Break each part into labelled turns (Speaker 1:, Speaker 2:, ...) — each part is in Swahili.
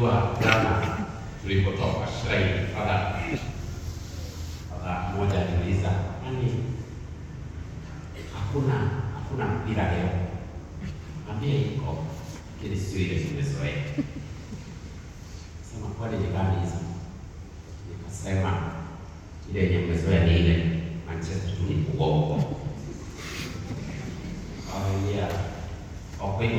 Speaker 1: kujua jana tulipotoka shuleni. Fadha fadha mmoja aliuliza nani, hakuna hakuna mpira leo? Mwambie iko lakini sio ile tumezoea. Sema kwani jirani hizo, nikasema ile yenye mmezoea ni ile Manchester tulipo uongo. Oh yeah, kwa kweli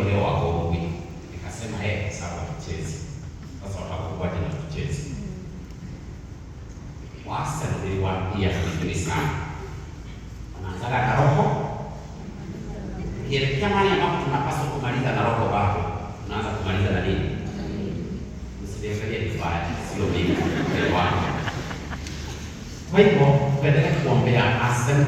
Speaker 1: unapaswa kumaliza na roho wako, unaanza kumaliza na nini? Usiangalie vibaya, sio mimi, Mungu. Kwa hivyo tuendelee kuombea Arsene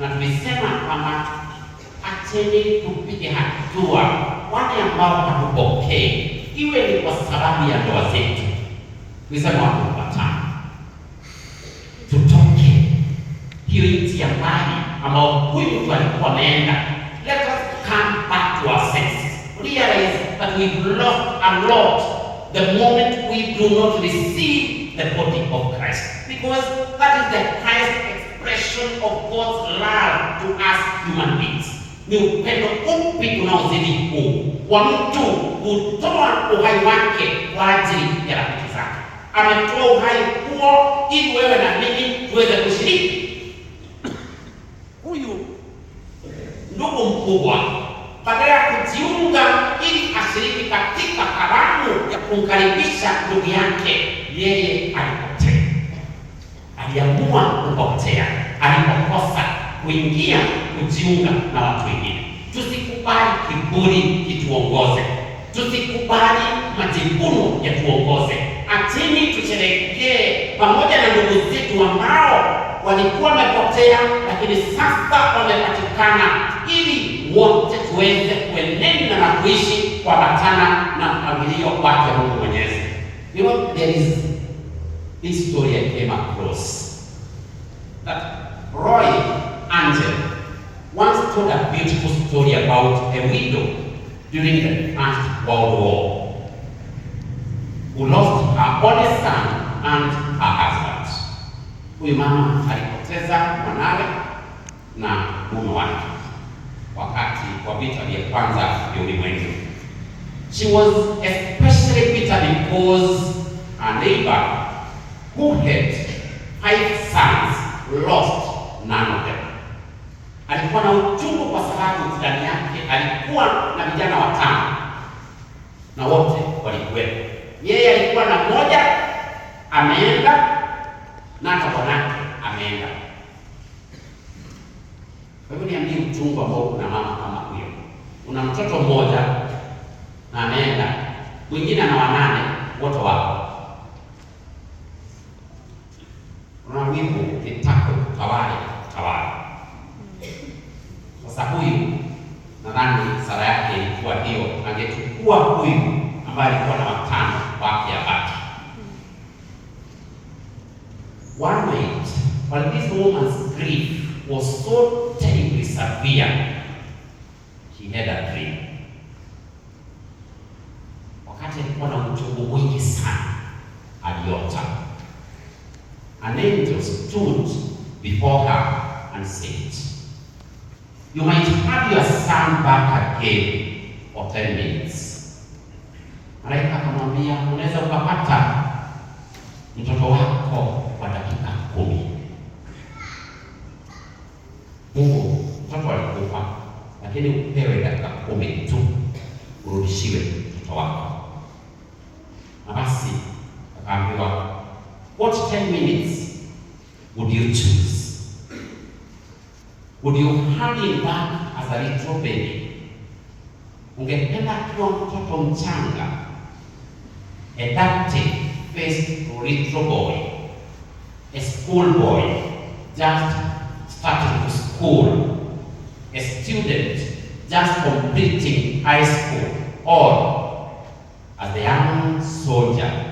Speaker 1: na tumesema kwamba acheni tupige hatua wale ambao hatupokee, iwe ni kwa sababu ya ndoa zetu. Nisema watu watano, tutoke hiyo nchi ya mbali ambao huyu mtu alikuwa ameenda. Let us come back to our senses, realize that we've lost a lot the moment we do not receive the body of Christ because that is the expression of God's love to us human beings. Ni upendo upi unaozidi huu wa mtu kutoa uhai wake kwa ajili ya rafiki zake? Ametoa uhai huo ili wewe na mimi tuweze kushiriki. Huyu ndugu mkubwa, badala ya kujiunga ili ashiriki katika karamu ya kumkaribisha ndugu yake, yeye alipotea, aliamua kupotea anapokosa kuingia kujiunga na watu wengine. Tusikubali kiburi kituongoze, tusikubali majivuno yatuongoze. atini tusherekee pamoja na ndugu zetu ambao walikuwa wamepotea, lakini sasa wamepatikana, ili wote tuweze kuenenda na kuishi kuambatana na mpangilio wake Mungu Mwenyezi. You know, there is this story I came across once told a beautiful story about a widow during the First World War who lost her only son and her husband. Huyu mama alipoteza mwanawe na mume wake wakati wa vita vya kwanza vya ulimwengu. She was especially bitter because her neighbor who had five sons lost none of them. alikuwa na uchungu kwa sababu ndani yake alikuwa na vijana watano na wote walikuwepo. Yeye alikuwa na moja ameenda na hata bwanake ameenda. Kwa hivyo niambie, uchungu ambao kuna mama kama huyo, una mtoto mmoja na ameenda, mwingine ana wanane, wote wako Sasa huyu nadhani sala yake ilikuwa hiyo, angechukua huyu ambaye alikuwa na watano wake abaki. One night while this woman's grief was so terribly severe, she had a dream. Wakati alikuwa na uchungu mwingi sana, aliota an angel stood before her and said you might have your son back again for 10 minutes. Malaika akamwambia unaweza ukapata mtoto wako kwa dakika kumi. Mungu mtoto alikufa, lakini Could you hurry back as a little baby? Ungependa kuwa mtoto mchanga, a dirty-faced little boy, a school boy just starting school, a student just completing high school, or as a young soldier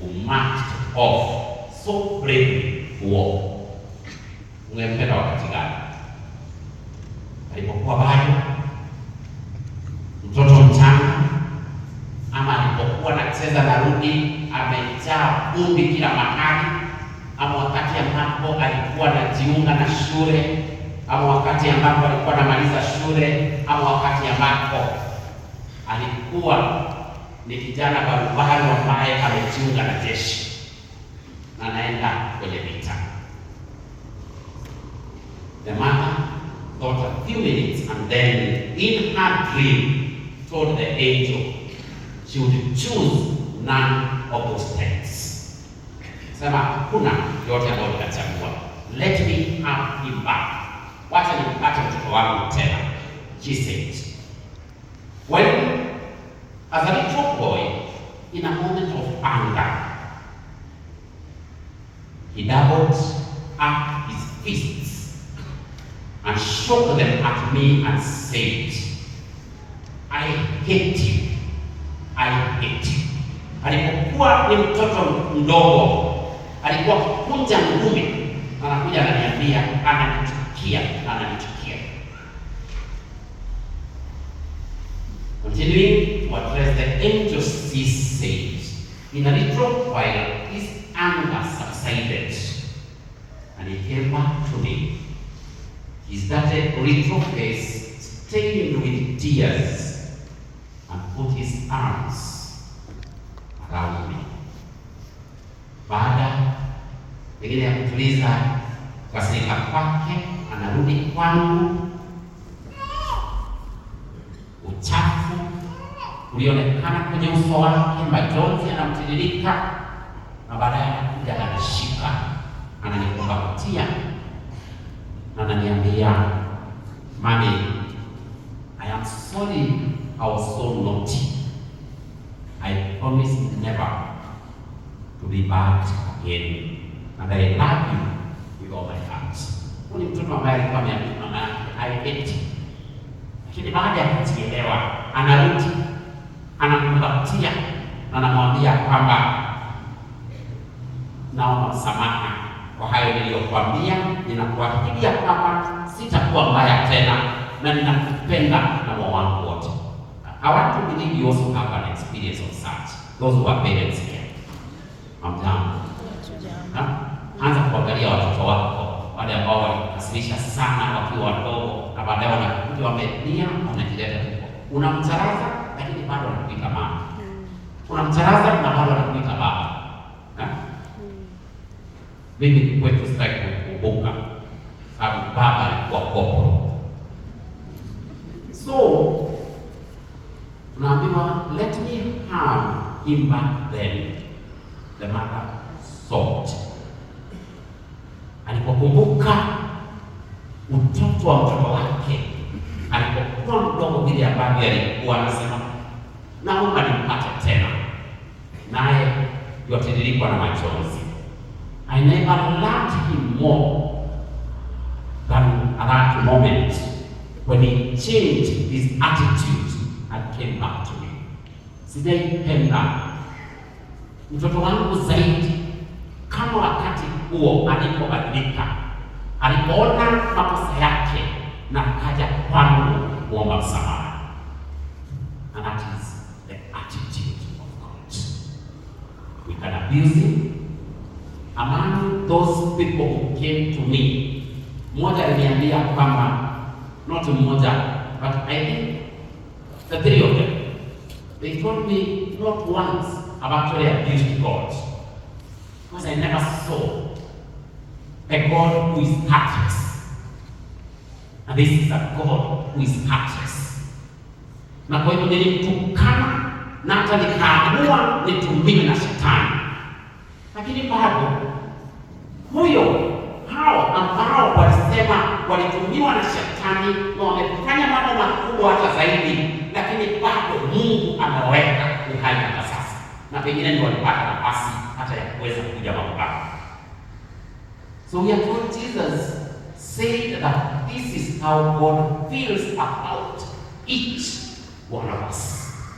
Speaker 1: who marched off so bravely to war. Ungependa wakati gani? alipokuwa bado mtoto mchanga ama alipokuwa na rudi amejaa vumbi kila mahali, ama wakati ambapo alikuwa anajiunga na shule, ama wakati ambapo alikuwa anamaliza shule, ama wakati ambapo alikuwa ni kijana barubaru ambaye amejiunga na jeshi na anaenda kwenye vita. thought a few minutes, and then in her dream told the angel she would choose none of those things. Sema kuna yote ambayo nikachagua, let me have him back, wacha nimpate mtoto wangu tena, she said. When as a little boy, in a moment of anger, he doubled up his fist struck them at me and said, I hate you. I hate you. Alipokuwa ni mtoto mdogo, alikuwa kunja ngumi, anakuja ananiambia, ananichukia, ananichukia. Continuing to address the angel, she said, in a little while Ricotes, stained with tears, and put his arms around me. Baada pengine ya kutuliza kasirika kwake, anarudi kwangu, uchafu ulionekana kwenye uso wake, majonzi yanamtiririka, na baadaye anakuja ananishika, ananikumbatia, ananiambia Mommy, I am sorry I was so naughty. I promise never to be bad again. And I love you with all my heart. Ule mtoto ambaye alikuwa ameambia mama yake I hate lakini baada ya kujielewa anarudi anamkumbatia na anamwambia kwamba naomba msamaha kwa hayo niliyokuambia, ninakuahidia kwamba kuwa mbaya tena, na ninakupenda na moyo wangu wote. I want to believe you also have an experience of such. Those who are parents here. Amtamu. Anza kuangalia watoto wako wale ambao walikasirisha sana wakiwa wadogo na baadaye wanakuja wamelia wanajileta huko. Unamtaraza lakini bado anakuita mama. Unamtaraza na bado anakuita baba. Mimi kwetu sitaki kukumbuka sababu mkopo. So tunaambiwa let me have him back then, the mother sought. Alipokumbuka utoto wa mtoto wake alipokuwa mdogo, vile ambavyo alikuwa anasema, naomba nimpate tena, naye yote nilikuwa na machozi. I never loved him more changed his attitude and came back to me. Sijaipenda mtoto wangu zaidi kama wakati huo alipobadilika, alipoona makosa yake na kaja kwangu kuomba msamaha. And that is the attitude of God. We can abuse him. Among those people who came to me, mmoja aliniambia kwamba not mmoja but I think the three of them, they told me not once I've actually abused God. Because I never saw a God who is heartless. And this is a God who is heartless. Na kwa hivyo nilimtukana na hata nikaamua nitumiwe na shetani, lakini bado huyo hao ambao walisema walitumiwa na shetani na wamefanya mkubwa hata zaidi, lakini bado Mungu ameweka uhai hata sasa, na pengine ndio walipata nafasi hata ya kuweza kuja mapambano. So here God Jesus said that this is how God feels about each one of us.